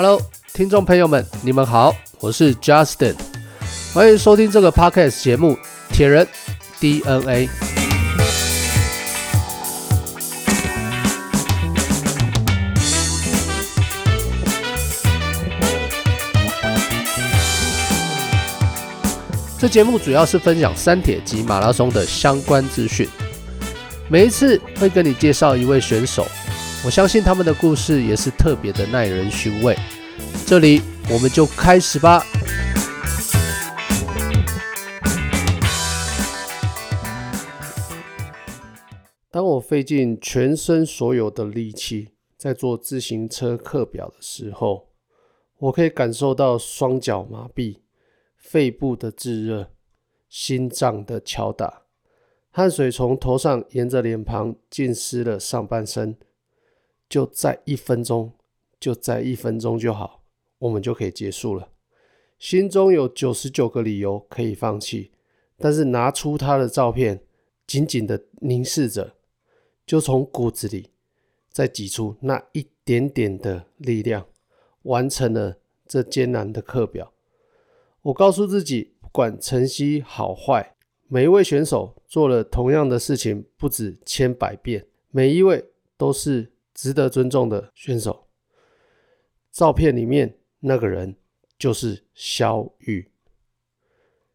Hello，聽眾朋友們，你們好，我是 Justin，歡迎收聽這個 Podcast 節目《鐵人 DNA》。這節目主要是分享三鐵及馬拉松的相關資訊，每一次會跟你介紹一位選手，我相信他們的故事也是特別的耐人尋味。這裡我們就開始吧。當我費盡全身所有的力氣在做自行車課表的時候，我可以感受到雙腳麻痹、肺部的炙熱、心臟的敲打，汗水從頭上沿着臉龐浸濕了上半身。就再一分鐘，就再一分鐘就好。我們就可以結束了。心中有九十九個理由可以放棄，但是拿出他的照片，緊緊的凝視着，就從骨子裡再擠出那一點點的力量，完成了這艱難的課表。我告訴自己，不管成績好壞，每一位選手做了同樣的事情不止千百遍，每一位都是值得尊重的選手。照片裡面。那個人就是蕭昱。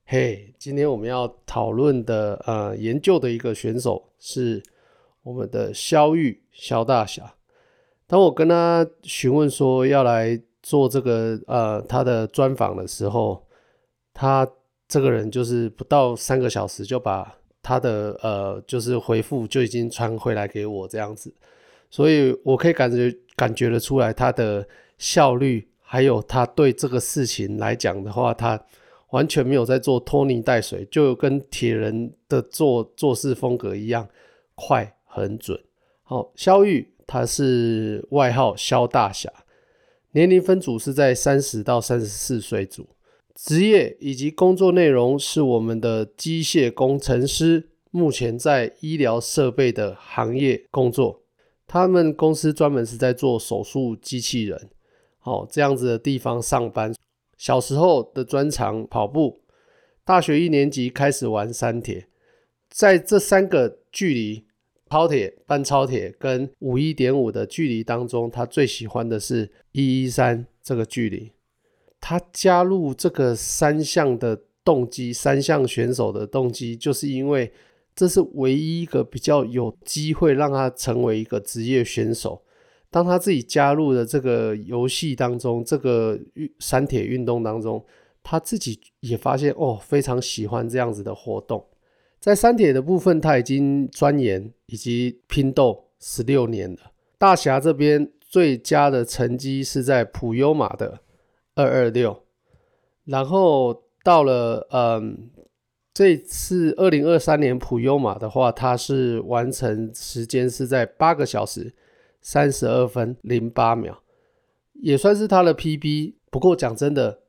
嘿，hey，今天我們要討論的呃研究的一個選手是我們的蕭昱蕭大俠。當我跟他詢問說要來做這個呃他的專訪的時候，他這個人就是不到三個小時就把他的呃就是回復就已經傳回來給我這樣子，所以我可以感覺感覺得出來他的效率。還有他對這個事情來講的話，他完全沒有在做拖泥帶水，就跟鐵人的做做事風格一樣，快很準。好，蕭昱他是外號蕭大俠，年齡分組是在三十到三十四歲組，職業以及工作內容是我們的機械工程師，目前在醫療設備的行業工作，他們公司專門是在做手術機器人。好，這樣子的地方上班。小時候的專長跑步，大學一年級開始玩三鐵。在這三個距離，超鐵、半超鐵跟五一點五的距離當中，他最喜歡的是一一三這個距離。他加入這個三項的動機，三項選手的動機，就是因為這是唯一一個比較有機會讓他成為一個職業選手。當他自己加入了這個遊戲當中，這個三鐵運動當中，他自己也發現哦，非常喜歡這樣子的活動。在三鐵的部分，他已經鑽研以及拼鬥十六年了。大俠這邊最佳的成績是在普悠瑪的二二六，然後到了嗯，這次二零二三年普悠瑪的話，他是完成時間是在八個小時三十二分零八秒，也算是他的 PB。不過講真的，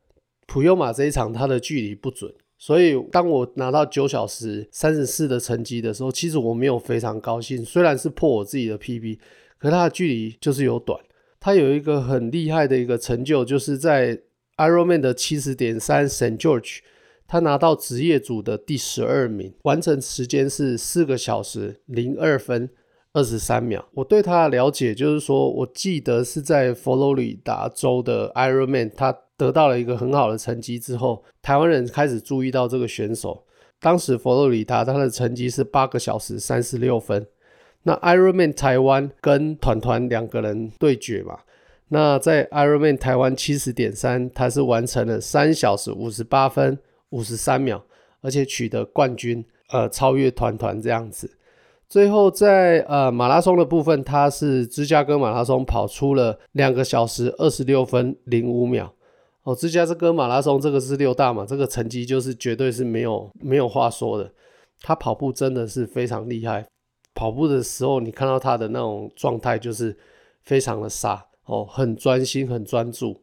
普悠瑪這一場他的距離不準，所以當我拿到九小時三十四的成績的時候，其實我沒有非常高興。雖然是破我自己的 PB，可是他的距離就是有短。他有一個很厲害的一個成就，就是在 Ironman 的七十點三 Saint George，他拿到職業組的第十二名，完成時間是四個小時零二分。二十三秒。我對他的了解就是說，我記得是在佛羅里達州的 Ironman，他得到了一個很好的成績之後，台灣人開始注意到這個選手。當時佛羅里達他的成績是八個小時三十六分，那 Ironman 台灣跟團團兩個人對決嘛。那在 Ironman 台灣七十點三，他是完成了三小時五十八分五十三秒，而且取得冠軍，呃，超越團團這樣子。最後在呃馬拉松的部分，他是芝加哥馬拉松跑出了兩個小時二十六分零五秒哦。芝加哥馬拉松這個是六大嘛，這個成績就是絕對是沒有沒有話說的。他跑步真的是非常厲害，跑步的時候你看到他的那種狀態就是非常的傻哦，很專心很專注。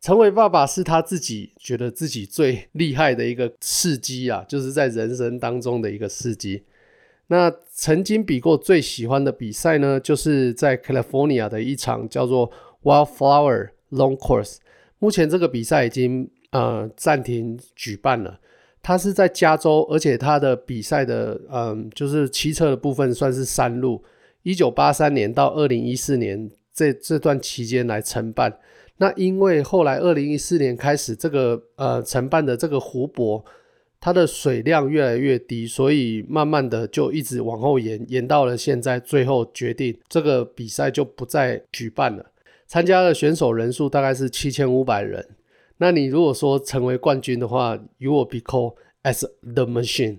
成為爸爸是他自己覺得自己最厲害的一個刺激啊，就是在人生當中的一個刺激。那曾經比過最喜歡的比賽呢，就是在 California 的一場叫做 Wildflower Long Course。目前這個比賽已經呃暫停舉辦了。它是在加州，而且它的比賽的嗯、呃、就是騎車的部分算是山路。一九八三年到二零一四年這這段期間來承辦。那因為後來二零一四年開始這個呃承辦的這個湖泊。它的水量越來越低，所以慢慢的就一直往後延，延到了現在，最後決定這個比賽就不再舉辦了。參加的選手人數大概是七千五百人。那你如果說成為冠軍的話，you will be called as the machine，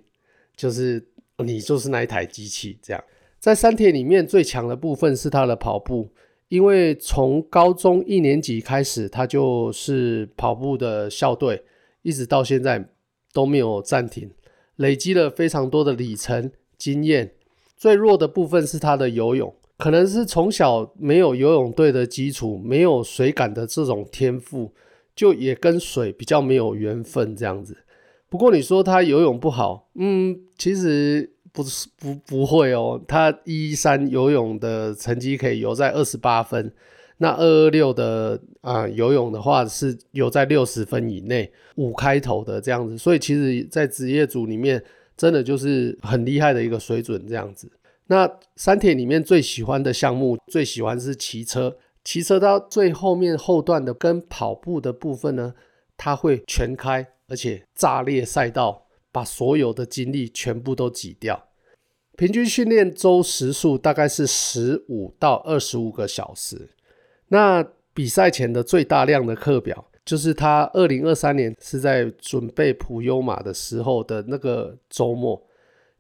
就是你就是那一台機器。這樣，在三鐵裡面最強的部分是他的跑步，因為從高中一年級開始，他就是跑步的校隊，一直到現在。都沒有暫停，累積了非常多的里程經驗。最弱的部分是他的游泳，可能是從小沒有游泳隊的基礎，沒有水感的這種天賦，就也跟水比較沒有緣分這樣子。不過你說他游泳不好，嗯，其實不是不不會哦，他一三游泳的成績可以游在二十八分。那二二六的啊、呃，游泳的話是有在六十分以內，五開頭的這樣子。所以其實在職業組裡面，真的就是很厲害的一個水準這樣子。那三鐵裡面最喜歡的項目，最喜歡是騎車。騎車到最後面後段的跟跑步的部分呢，它會全開，而且炸裂賽道，把所有的精力全部都擠掉。平均訓練周時數大概是十五到二十五個小時。那比賽前的最大量的課表，就是他二零二三年是在準備普悠瑪的時候的那個周末，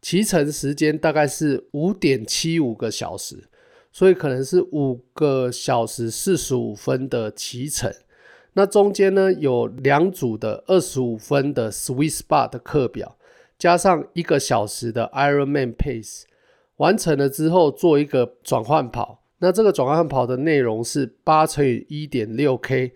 騎乘時間大概是五點七五個小時，所以可能是五個小時四十五分的騎程。那中間呢，有兩組的二十五分的 Sweet Spot 的課表，加上一個小時的 Ironman Pace，完成了之後做一個轉換跑。那這個轉換跑的內容是八乘以一點六 k，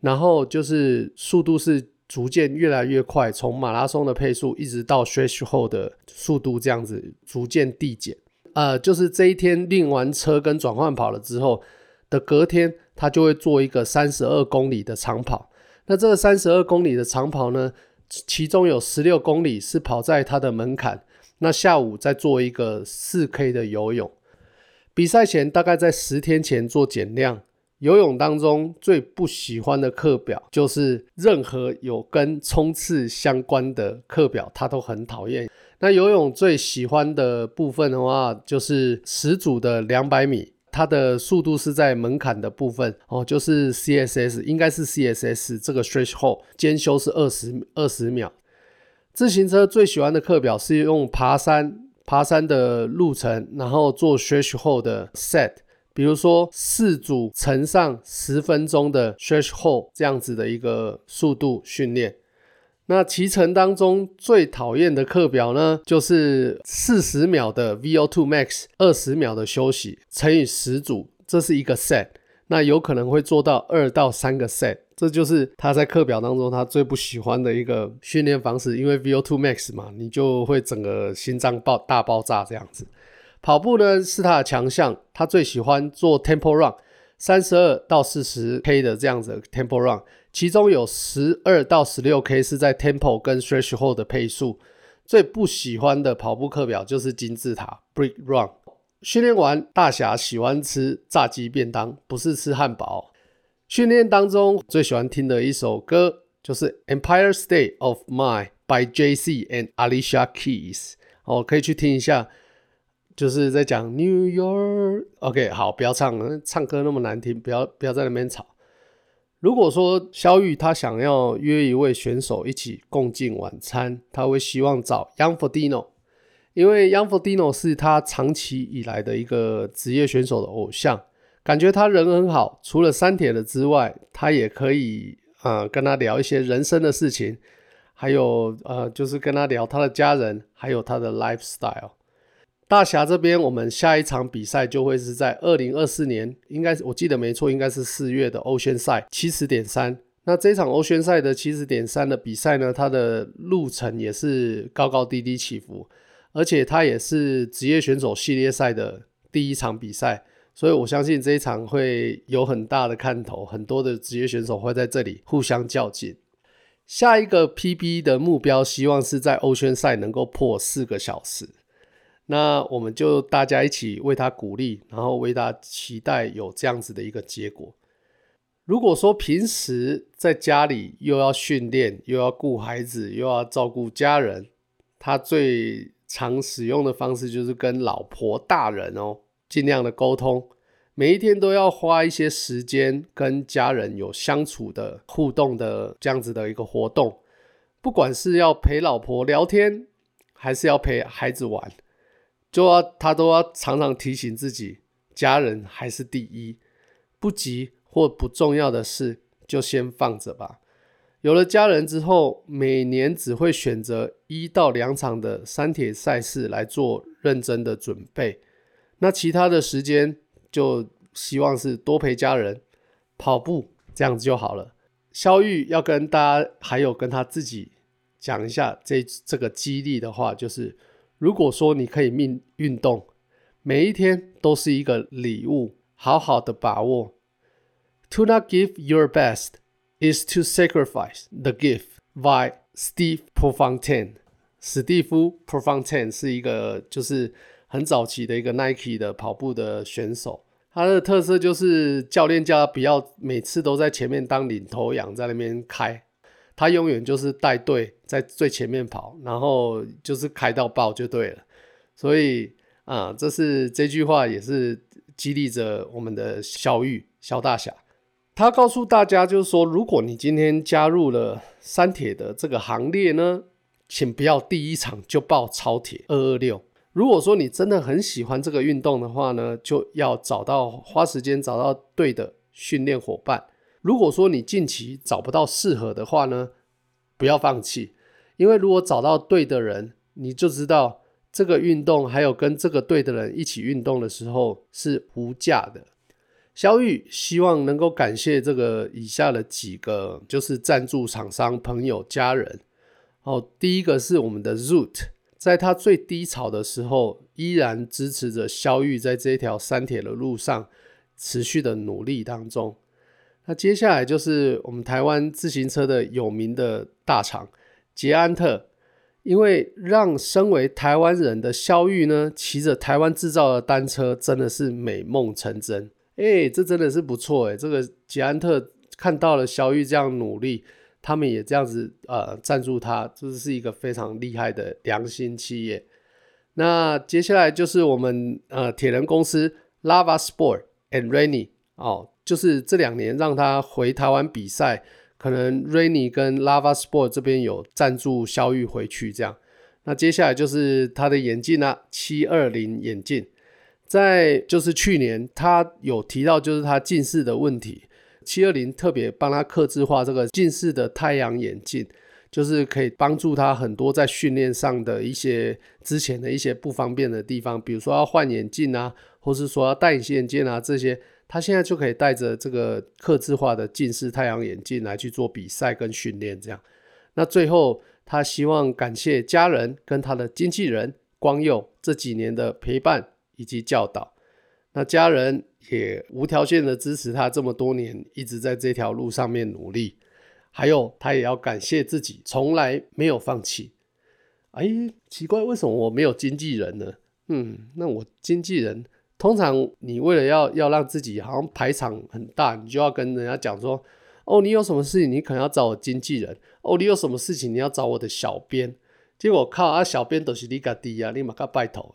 然後就是速度是逐漸越來越快，從馬拉松的配速一直到 threshold 的速度這樣子逐漸遞減。呃，就是這一天練完車跟轉換跑了之後的隔天，他就會做一個三十二公里的長跑。那這個三十二公里的長跑呢，其中有十六公里是跑在他的門檻，那下午再做一個四 k 的游泳。比賽前大概在十天前做減量。游泳當中最不喜歡的課表就是任何有跟衝刺相關的課表，他都很討厭。那游泳最喜歡的部分的話，就是十組的兩百米，它的速度是在門檻的部分哦，就是 CSS，應該是 CSS 這個 threshold 間休是二十二十秒。自行車最喜歡的課表是用爬山。爬山的路程，然後做 threshold 的 set，比如說四組乘上十分鐘的 threshold 這樣子的一個速度訓練。那騎乘當中最討厭的課表呢，就是四十秒的 VO2 max，二十秒的休息，乘以十組，這是一個 set。那有可能會做到二到三個 set，這就是他在課表當中他最不喜歡的一個訓練方式，因為 VO2 max 嘛，你就會整個心臟爆大爆炸這樣子。跑步呢是他的強項，他最喜歡做 tempo run，三十二到四十 k 的這樣子 tempo run，其中有十二到十六 k 是在 tempo 跟 threshold 的配速。最不喜歡的跑步課表就是金字塔，brick run。訓練完，大俠喜歡吃炸雞便當，不是吃漢堡。訓練當中最喜歡聽的一首歌就是 Empire State of Mind by J. C. and Alicia Keys。我、哦、可以去聽一下，就是在講 New York。OK，好，不要唱了，唱歌那麼難聽，不要不要在那邊吵。如果說蕭昱他想要約一位選手一起共進晚餐，他會希望找 Young Fodino。因為 Jan Frodeno 是他長期以來的一個職業選手的偶像，感覺他人很好。除了三鐵了之外，他也可以啊、呃、跟他聊一些人生的事情，還有呃，就是跟他聊他的家人，還有他的 lifestyle。大俠這邊，我們下一場比賽就會是在二零二四年，應該我記得沒錯，應該是四月的 Oceanside 七十點三。那這場 Oceanside 的七十點三的比賽呢，它的路程也是高高低低起伏。而且他也是職業選手系列賽的第一場比賽，所以我相信這一場會有很大的看頭，很多的職業選手會在這裡互相較勁。下一個 PB 的目標，希望是在 Oceanside 能夠破四個小時。那我們就大家一起為他鼓勵，然後為他期待有這樣子的一個結果。如果說平時在家裡又要訓練，又要顧孩子，又要照顧家人，他最常使用的方式就是跟老婆大人哦，盡量的溝通，每一天都要花一些時間跟家人有相處的互動的這樣子的一個活動。不管是要陪老婆聊天，還是要陪孩子玩，就要、啊、他都要常常提醒自己，家人還是第一。不急或不重要的事，就先放着吧。有了家人之後，每年只會選擇一到兩場的三鐵賽事來做認真的準備。那其他的時間就希望是多陪家人、跑步，這樣子就好了。蕭昱要跟大家，還有跟他自己講一下這這個激勵的話，就是如果說你可以命運動，每一天都是一個禮物，好好的把握。To not give your best is to sacrifice the gift by Steve Prefontaine。史蒂夫 Prefontaine 是一個就是很早期的一個 Nike 的跑步的選手。他的特色就是教練叫他不要每次都在前面當領頭羊，在那邊開，他永遠就是帶隊在最前面跑，然後就是開到爆就對了。所以啊、嗯，這是這句話也是激勵着我們的蕭昱、蕭大俠。他告訴大家，就是說，如果你今天加入了三鐵的這個行列呢，請不要第一場就報超鐵二二六。如果說你真的很喜歡這個運動的話呢，就要找到花時間找到對的訓練夥伴。如果說你近期找不到適合的話呢，不要放棄，因為如果找到對的人，你就知道這個運動還有跟這個對的人一起運動的時候是無價的。蕭昱希望能夠感謝，這個以下的幾個，就是贊助廠商、朋友、家人。哦，第一個是我們的 Zoot，在它最低潮的時候，依然支持着蕭昱在這條三鐵的路上持續的努力當中。那接下來就是我們台灣自行車的有名的大廠捷安特，因為讓身為台灣人的蕭昱呢，騎着台灣製造的單車，真的是美夢成真。哎、欸，這真的是不錯哎、欸！這個捷安特看到了蕭昱這樣努力，他們也這樣子呃贊助他，這是一個非常厲害的良心企業。那接下來就是我們呃鐵人公司 Lava Sport and Rainy 哦，就是這兩年讓他回台灣比賽，可能 Rainy 跟 Lava Sport 這邊有贊助蕭昱回去這樣。那接下來就是他的眼鏡啦、啊，七二零眼鏡。在就是去年，他有提到就是他近視的問題，七二零特別幫他客製化這個近視的太陽眼鏡，就是可以幫助他很多在訓練上的一些之前的一些不方便的地方，比如說要換眼鏡啊，或是說要戴隱形眼鏡啊這些，他現在就可以戴着這個客製化的近視太陽眼鏡來去做比賽跟訓練這樣。那最後，他希望感謝家人跟他的經紀人光佑這幾年的陪伴，以及教導，那家人也無條件的支持他這麼多年，一直在這條路上面努力。還有，他也要感謝自己，從來沒有放棄。哎，奇怪，為什麼我沒有經紀人呢？嗯，那我經紀人通常，你為了要要讓自己好像排場很大，你就要跟人家講說：“哦，你有什麼事情，你可能要找我經紀人。”“哦，你有什麼事情，你要找我的小編。”結果靠啊，小編都是你家爹啊，你馬給拜頭，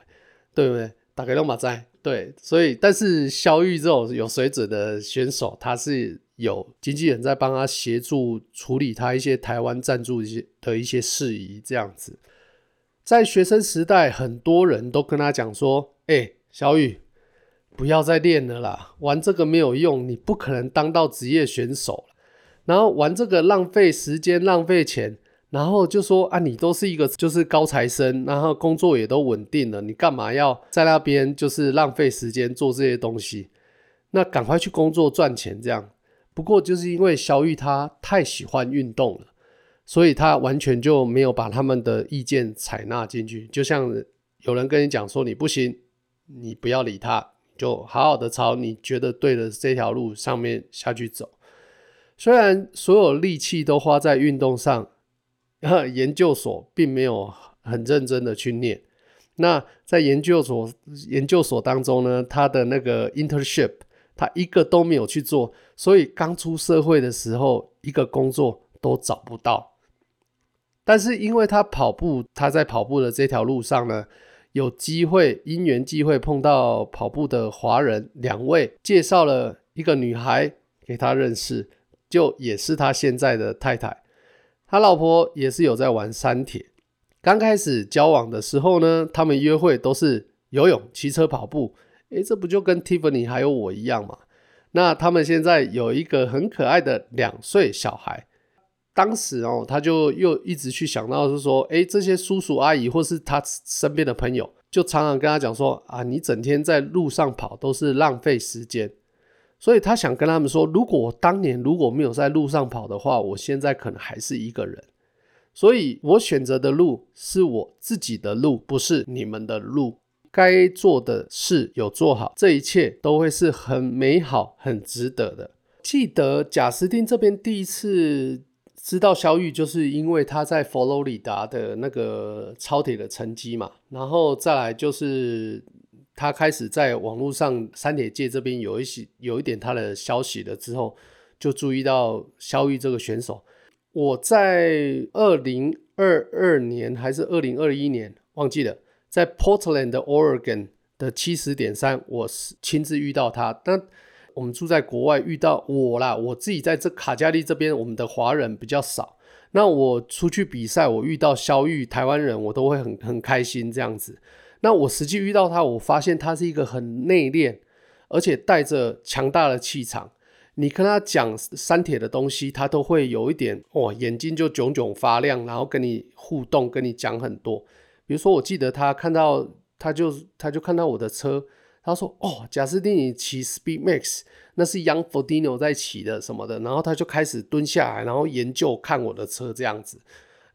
對不對？打開羅馬在對，所以但是蕭昱這種有水準的選手，他是有經紀人在幫他協助處理他一些台灣贊助一些的一些事宜。這樣子，在學生時代，很多人都跟他講說：“誒、欸，蕭昱，不要再練了啦，玩這個沒有用，你不可能當到職業選手，然後玩這個浪費時間，浪費錢。”然後就說啊，你都是一個就是高材生，然後工作也都穩定了，你幹嘛要在那邊就是浪費時間做這些東西？那趕快去工作賺錢這樣。不過就是因為蕭昱他太喜歡運動了，所以他完全就沒有把他們的意見採納進去。就像有人跟你講說，你不行，你不要理他，就好好的朝你覺得對的這條路上面下去走。雖然所有力氣都花在運動上。研究所並沒有很認真的去念。那在研究所研究所當中呢，他的那個 internship，他一個都沒有去做。所以剛出社會的時候，一個工作都找不到。但是因為他跑步，他在跑步的這條路上呢，有機會因緣際會碰到跑步的華人兩位，介紹了一個女孩給他認識，就也是他現在的太太。他老婆也是有在玩三鐵。剛開始交往的時候呢，他們約會都是游泳、騎車、跑步。誒，這不就跟 Tiffany 還有我一樣嘛？那他們現在有一個很可愛的兩歲小孩。當時哦，他就又一直去想到是說，誒，這些叔叔阿姨或是他身邊的朋友，就常常跟他講說啊，你整天在路上跑都是浪費時間。所以他想跟他們說，如果我當年如果沒有在路上跑的話，我現在可能還是一個人。所以我選擇的路是我自己的路，不是你們的路。該做的事有做好，這一切都會是很美好、很值得的。記得賈斯汀這邊第一次知道蕭昱，就是因為他在佛羅里達的那個超鐵的成績嘛，然後再來就是。他開始在網絡上三鐵界這邊有一些有一點他的消息了之後，就注意到蕭昱這個選手。我在二零二二年還是二零二一年忘記了，在 Portland 的 Oregon 的七十點三，我是親自遇到他。但我們住在國外遇到我啦，我自己在這卡加利這邊，我們的華人比較少。那我出去比賽，我遇到蕭昱台灣人，我都會很很開心這樣子。那我實際遇到他，我發現他是一個很內斂，而且帶着強大的氣場。你跟他講三鐵的東西，他都會有一點哦，眼睛就炯炯發亮，然後跟你互動，跟你講很多。比如說，我記得他看到他就他就看到我的車，他說：“哦，賈斯汀你騎 Speed Max，那是 Jan Frodeno 在騎的什麼的。”然後他就開始蹲下來，然後研究看我的車這樣子。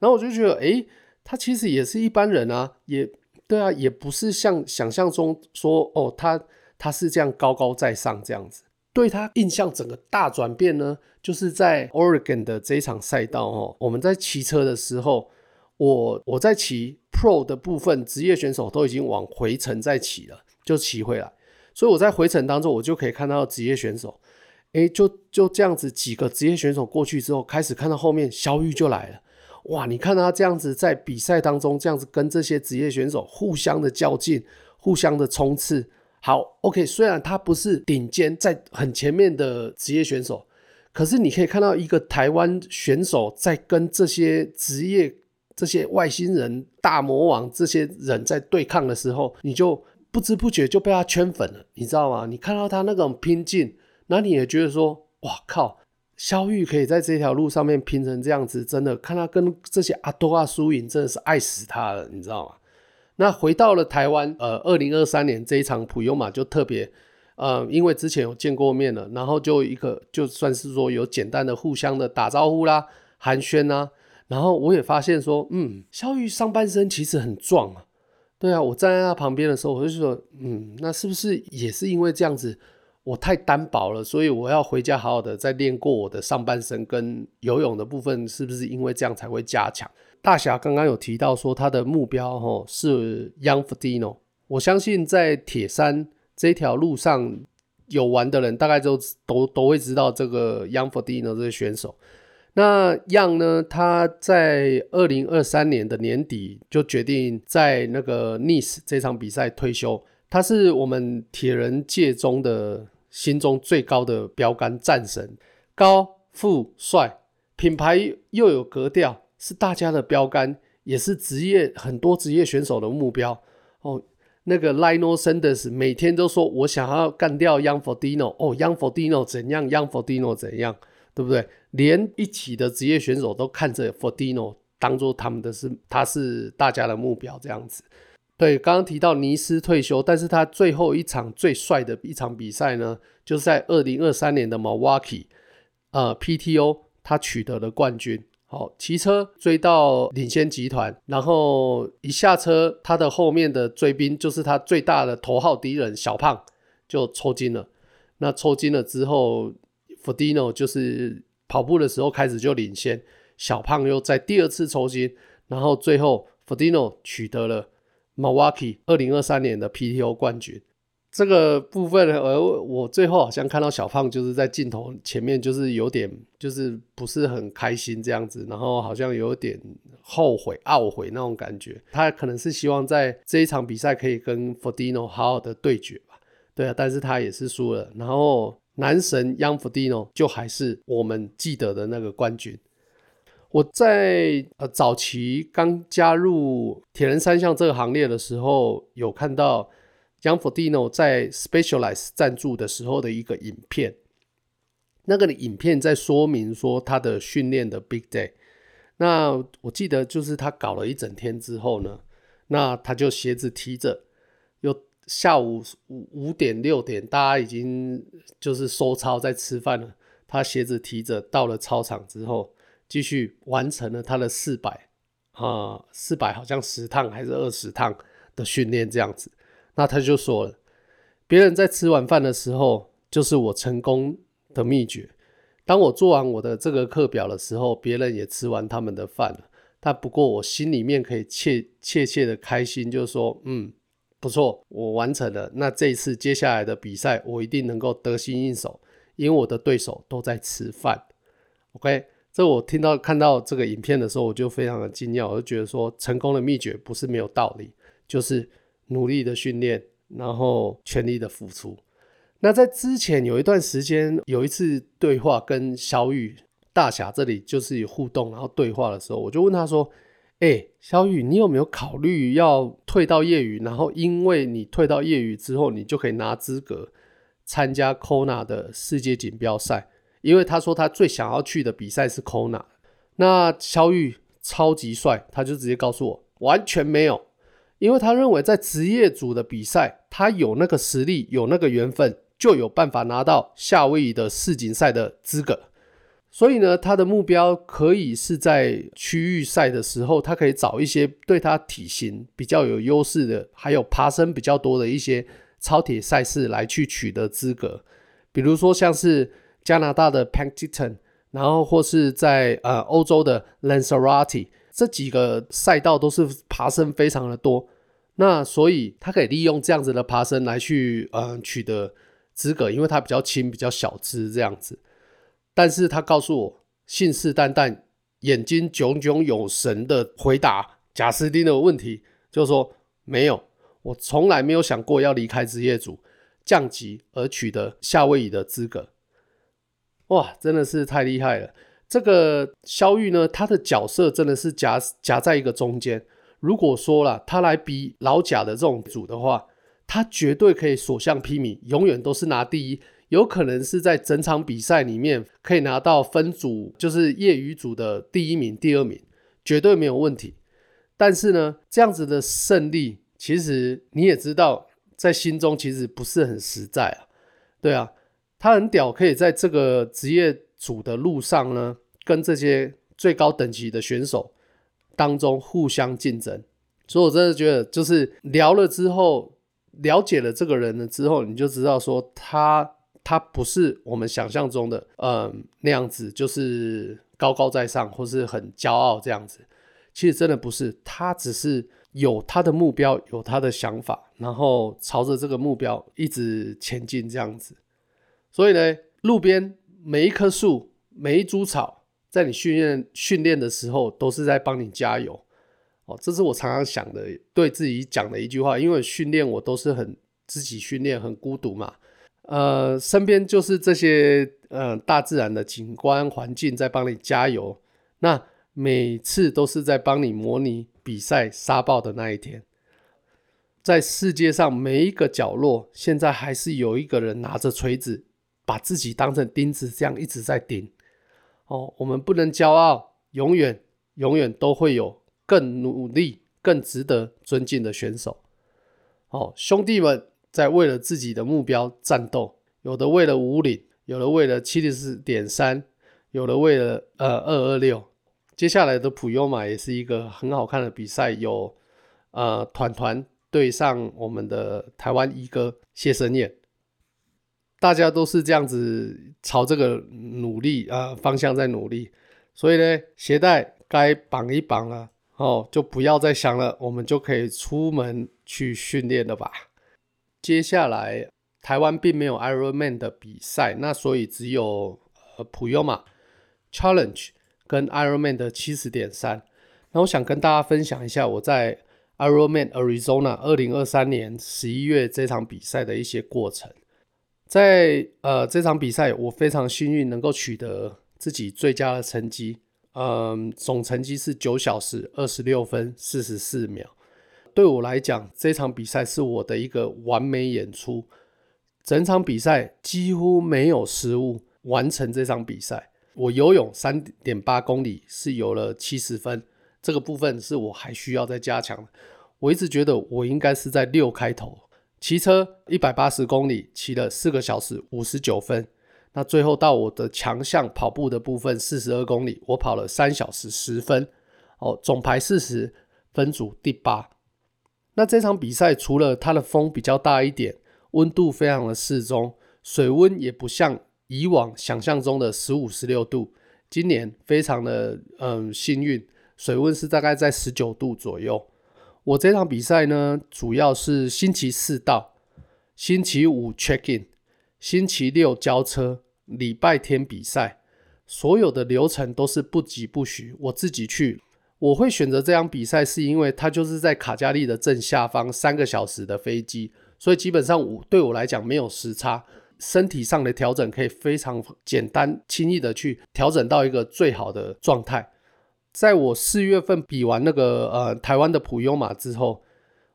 然後我就覺得，哎、欸，他其實也是一般人啊，也。對啊，也不是像想象中說哦，他他是這樣高高在上這樣子。對他印象整個大轉變呢，就是在 Oregon 的這一場賽道哦，我們在騎車的時候，我我在騎 Pro 的部分，職業選手都已經往回程再騎了，就騎回來。所以我在回程當中，我就可以看到職業選手，誒，就就這樣子幾個職業選手過去之後，開始看到後面蕭昱就來了。哇，你看到他這樣子在比賽當中，這樣子跟這些職業選手互相的較勁，互相的衝刺。好，OK，雖然他不是頂尖在很前面的職業選手，可是你可以看到一個台灣選手在跟這些職業、這些外星人、大魔王這些人在對抗的時候，你就不知不覺就被他圈粉了，你知道嗎？你看到他那種拼勁，那你也覺得說，哇靠！蕭昱可以在這條路上面拼成這樣子，真的看他跟這些阿多阿蘇贏，真的是愛死他了，你知道嗎？那回到了台灣，呃，二零二三年這一場普悠瑪，就特別，呃，因為之前有見過面了，然後就一個就算是說有簡單的互相的打招呼啦、寒暄啦、啊，然後我也發現說，嗯，蕭昱上半身其實很壯啊，對啊，我站在他旁邊的時候，我就說，嗯，那是不是也是因為這樣子？我太單薄了，所以我要回家好好的再練過我的上半身跟游泳的部分，是不是因為這樣才會加強？大俠剛剛有提到說他的目標哦，是 Jan Frodeno，我相信在鐵山這條路上有玩的人，大概就都都都會知道這個 Jan Frodeno 這個選手。那 Jan 呢，他在二零二三年的年底就決定在那個 Nice 這場比賽退休，他是我們鐵人界中的。心中最高的標杆，戰神，高富帥，品牌，又有格調，是大家的標杆，也是職業很多職業選手的目標。哦，那個 Lionel Sanders 每天都說：“我想要幹掉 Jan Frodeno 哦，Jan Frodeno 怎樣？Jan Frodeno 怎樣？對不對？連一起的職業選手都看着 Frodeno 當做他們的是，他是大家的目標，這樣子。對，剛剛提到尼斯退休，但是他最後一場最帥的一場比賽呢，就是在二零二三年的 Milwaukee，呃 PTO，他取得了冠軍。好，騎車追到領先集團，然後一下車，他的後面的追兵就是他最大的頭號敵人小胖，就抽筋了。那抽筋了之後，Ferdino 就是跑步的時候開始就領先，小胖又在第二次抽筋，然後最後 Ferdino 取得了。Milwaukee 二零二三年的 P T O 冠軍這個部分，呃，我最後好像看到小胖就是在鏡頭前面，就是有點就是不是很開心這樣子，然後好像有點後悔懊悔那種感覺。他可能是希望在這一場比賽可以跟 Frodeno 好好的對決吧，對啊，但是他也是輸了。然後男神 Jan Frodeno 就還是我們記得的那個冠軍。我在呃早期剛加入鐵人三項這個行列的時候，有看到 Jan Frodeno 在 Specialized 贊助的時候的一個影片。那個的影片在說明說他的訓練的 Big Day，那我記得就是他搞了一整天之後呢，那他就鞋子提着，又下午五五點六點，大家已經就是收操在吃飯了，他鞋子提着到了操場之後，繼續完成了他的四百啊，四百好像十趟還是二十趟的訓練這樣子，那他就說了，別人在吃完飯的時候，就是我成功的秘訣。當我做完我的這個課表的時候，別人也吃完他們的飯了。但不過我心裡面可以切切切的開心，就是說，嗯，不錯，我完成了。那這一次接下來的比賽，我一定能夠得心應手，因為我的對手都在吃飯。OK。這我聽到看到這個影片的時候，我就非常的驚訝，我就覺得說成功的秘訣不是沒有道理，就是努力的訓練，然後全力的付出。那在之前有一段時間，有一次對話跟蕭昱大俠這裡就是有互動，然後對話的時候，我就問他說：“哎、欸，蕭昱，你有沒有考慮要退到業餘？然後因為你退到業餘之後，你就可以拿資格參加 Kona 的世界錦標賽。”因為他說他最想要去的比賽是 Kona，那蕭昱超級帥，他就直接告訴我完全沒有，因為他認為在職業組的比賽，他有那個實力，有那個緣分，就有辦法拿到夏威夷的世錦賽的資格。所以呢，他的目標可以是在區域賽的時候，他可以找一些對他體型比較有優勢的，還有爬升比較多的一些超鐵賽事來去取得資格，比如說像是。加拿大的 Penticton，然後或是在呃歐洲的 Lanzarote 這幾個賽道都是爬升非常的多，那所以他可以利用這樣子的爬升來去嗯、呃、取得資格，因為他比較輕比較小隻這樣子。但是他告訴我，信誓旦旦、眼睛炯炯有神的回答賈斯汀的問題，就說沒有，我從來沒有想過要離開職業組降級而取得夏威夷的資格。哇，真的是太厲害了！這個蕭昱呢，他的角色真的是夾夾在一個中間。如果說了他來比老賈的這種組的話，他絕對可以所向披靡，永遠都是拿第一。有可能是在整場比賽裡面可以拿到分組就是業餘組的第一名、第二名，絕對沒有問題。但是呢，這樣子的勝利，其實你也知道，在心中其實不是很實在啊。對啊。他很屌，可以在這個職業組的路上呢，跟這些最高等級的選手當中互相競爭。所以，我真的覺得，就是聊了之後，了解了這個人了之後，你就知道說他他不是我們想象中的，嗯，那樣子，就是高高在上或是很驕傲這樣子。其實真的不是，他只是有他的目標，有他的想法，然後朝着這個目標一直前進這樣子。所以呢，路邊每一棵樹、每一株草，在你訓練訓練的時候，都是在幫你加油。哦，這是我常常想的，對自己講的一句話。因為訓練我都是很自己訓練，很孤獨嘛。呃，身邊就是這些呃大自然的景觀環境在幫你加油。那每次都是在幫你模擬比賽沙暴的那一天。在世界上每一個角落，現在還是有一個人拿着錘子。把自己當成釘子，這樣一直在釘。哦，我們不能驕傲，永遠、永遠都會有更努力、更值得尊敬的選手。哦，兄弟們在為了自己的目標戰鬥，有的為了五零，有的為了七十點三，有的為了呃二二六。接下來的普悠瑪也是一個很好看的比賽，有呃團團對上我們的台灣一哥謝昇諺。大家都是這樣子朝這個努力啊、呃、方向在努力，所以呢，鞋帶該綁一綁了、啊、哦，就不要再想了，我們就可以出門去訓練了吧。接下來，台灣並沒有 Ironman 的比賽，那所以只有呃普優馬 Challenge 跟 Ironman 的七十點三。那我想跟大家分享一下我在 Ironman Arizona 二零二三年十一月這場比賽的一些過程。在呃這場比賽，我非常幸運能夠取得自己最佳的成績，嗯、呃，總成績是九小時二十六分四十四秒。對我來講，這場比賽是我的一個完美演出，整場比賽幾乎沒有失誤。完成這場比賽，我游泳三點八公里是游了七十分，這個部分是我還需要再加強的。我一直覺得我應該是在六開頭。騎車一百八十公里，騎了四個小時五十九分。那最後到我的強項跑步的部分，四十二公里，我跑了三小時十分。哦，總排四十，分組第八。那這場比賽除了它的風比較大一點，溫度非常的適中，水溫也不像以往想象中的十五、十六度，今年非常的嗯幸運，水溫是大概在十九度左右。我這場比賽呢，主要是星期四到星期五 check in，星期六交車，禮拜天比賽，所有的流程都是不疾不徐，我自己去。我會選擇這場比賽，是因為它就是在卡加利的正下方，三個小時的飛機，所以基本上我對我來講沒有時差，身體上的調整可以非常簡單、輕易的去調整到一個最好的狀態。在我四月份比完那個呃台灣的普悠瑪之後，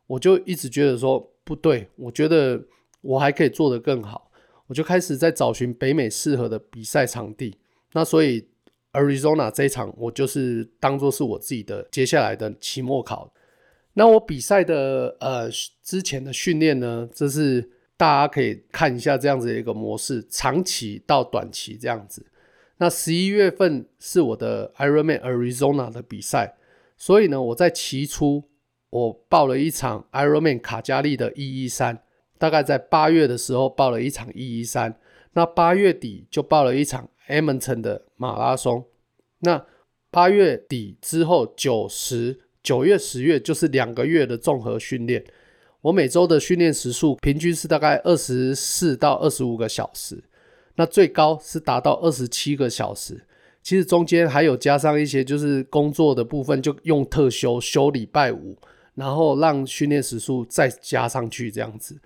我就一直覺得說不對，我覺得我還可以做得更好，我就開始在找尋北美適合的比賽場地。那所以 Arizona 這一場我就是當做是我自己的接下來的期末考。那我比賽的呃之前的訓練呢，這是大家可以看一下這樣子的一個模式，長期到短期這樣子。那十一月份是我的 Ironman Arizona 的比賽，所以呢，我在期初我報了一場 Ironman 卡加利的113，大概在八月的時候報了一場113，那八月底就報了一場 Edmonton 的馬拉松，那八月底之後九十九月十月就是兩個月的綜合訓練，我每周的訓練時數平均是大概二十四到二十五個小時。那最高是達到二十七個小時，其實中間還有加上一些就是工作的部分，就用特休休禮拜五，然後讓訓練時數再加上去這樣子。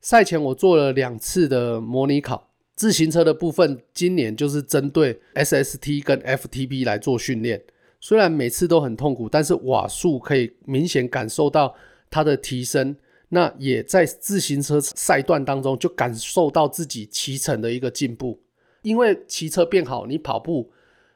賽前我做了兩次的模擬考，自行車的部分今年就是針對 SST 跟 FTP 來做訓練，雖然每次都很痛苦，但是瓦數可以明顯感受到它的提升。那也在自行車賽段當中就感受到自己騎乘的一個進步，因為騎車變好，你跑步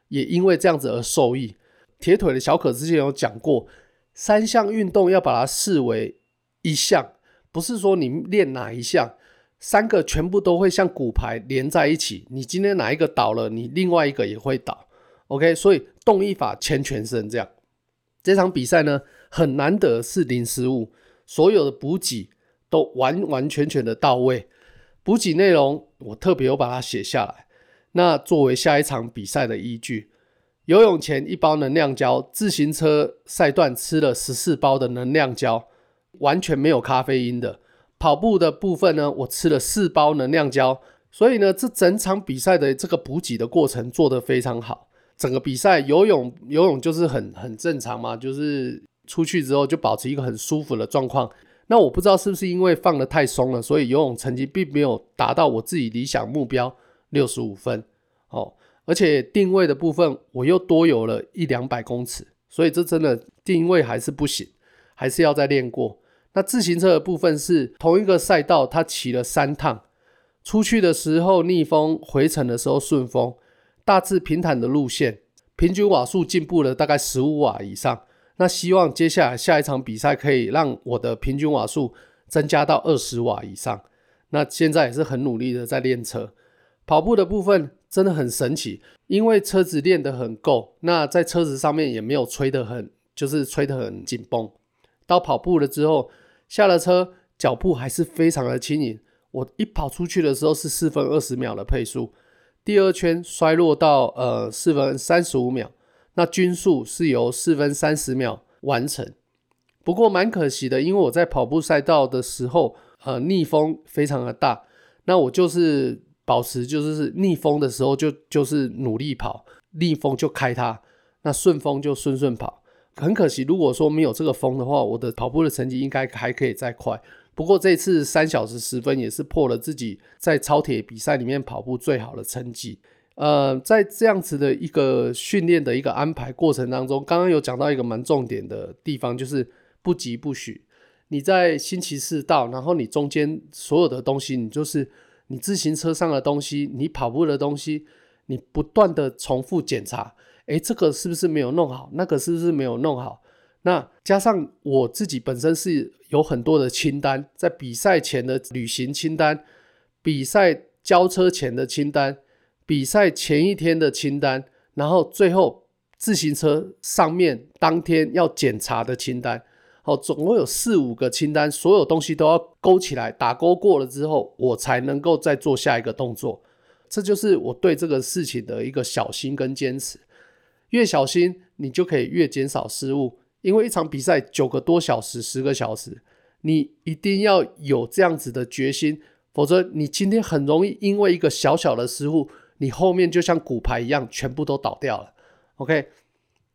也因為這樣子而受益。鐵腿的小可之前有講過，三項運動要把它視為一項，不是說你練哪一項，三個全部都會像骨牌連在一起，你今天哪一個倒了，你另外一個也會倒。OK，所以動一髮牽全身這樣。這場比賽呢很難得是零失誤。所有的補給都完完全全的到位，補給內容我特別有把它寫下來，那作為下一場比賽的依據。游泳前一包能量膠，自行車賽段吃了十四包的能量膠，完全沒有咖啡因的。跑步的部分呢，我吃了四包能量膠，所以呢，這整場比賽的這個補給的過程做得非常好。整個比賽游泳游泳，就是很很正常嘛，就是。出去之後就保持一個很舒服的狀況。那我不知道是不是因為放得太鬆了，所以游泳成績並沒有達到我自己理想目標六十五分。哦，而且定位的部分我又多游了一兩百公尺，所以這真的定位還是不行，還是要再練過。那自行車的部分是同一個賽道，他騎了三趟，出去的時候逆風，回程的時候順風，大致平坦的路線，平均瓦數進步了大概十五瓦以上。那希望接下來下一場比賽可以讓我的平均瓦數增加到二十瓦以上。那現在也是很努力的在練車，跑步的部分真的很神奇，因為車子練得很夠，那在車子上面也沒有吹得很，就是吹得很緊繃。到跑步了之後，下了車，腳步還是非常的輕盈。我一跑出去的時候是四分二十秒的配速，第二圈衰落到呃四分三十五秒。那均速是由四分三十秒完成，不過蠻可惜的，因為我在跑步賽道的時候，呃，逆風非常的大。那我就是保持，就是逆風的時候就就是努力跑，逆風就開它，那順風就順順跑。很可惜，如果說沒有這個風的話，我的跑步的成績應該還可以再快。不過這次三小時十分也是破了自己在超鐵比賽裡面跑步最好的成績。呃，在這樣子的一個訓練的一個安排過程當中，剛剛有講到一個蠻重點的地方，就是不疾不徐。你在星期四到，然後你中間所有的東西，你就是你自行車上的東西，你跑步的東西，你不斷的重複檢查，誒，這個是不是沒有弄好？那個是不是沒有弄好？那加上我自己本身是有很多的清單，在比賽前的旅行清單，比賽交車前的清單。比賽前一天的清單，然後最後自行車上面當天要檢查的清單，好，總共有四五個清單，所有東西都要勾起來，打勾過了之後，我才能夠再做下一個動作。這就是我對這個事情的一個小心跟堅持。越小心，你就可以越減少失誤。因為一場比賽九個多小時、十個小時，你一定要有這樣子的決心，否則你今天很容易因為一個小小的失誤。你後面就像骨牌一樣，全部都倒掉了。OK，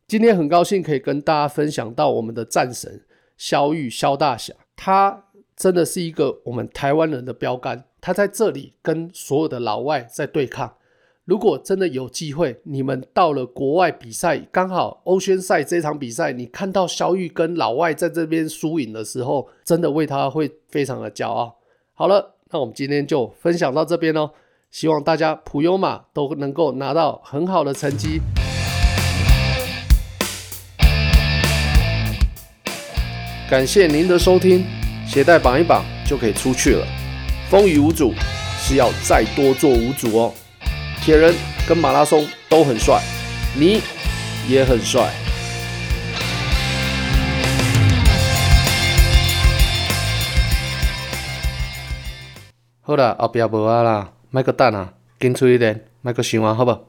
今天很高興可以跟大家分享到我們的戰神蕭昱蕭大俠，他真的是一個我們台灣人的標杆。他在這裡跟所有的老外在對抗。如果真的有機會，你們到了國外比賽，剛好 Oceanside 這場比賽，你看到蕭昱跟老外在這邊輸贏的時候，真的為他會非常的驕傲。好了，那我們今天就分享到這邊哦。希望大家普悠瑪都能夠拿到很好的成績。感謝您的收聽，鞋帶綁一綁就可以出去了，風雨無阻是要再多做五組哦。鐵人跟馬拉松都很帥，你也很帥。好了，不要無啊啦。賣擱等啊，緊出一點，賣擱想啊，好不好？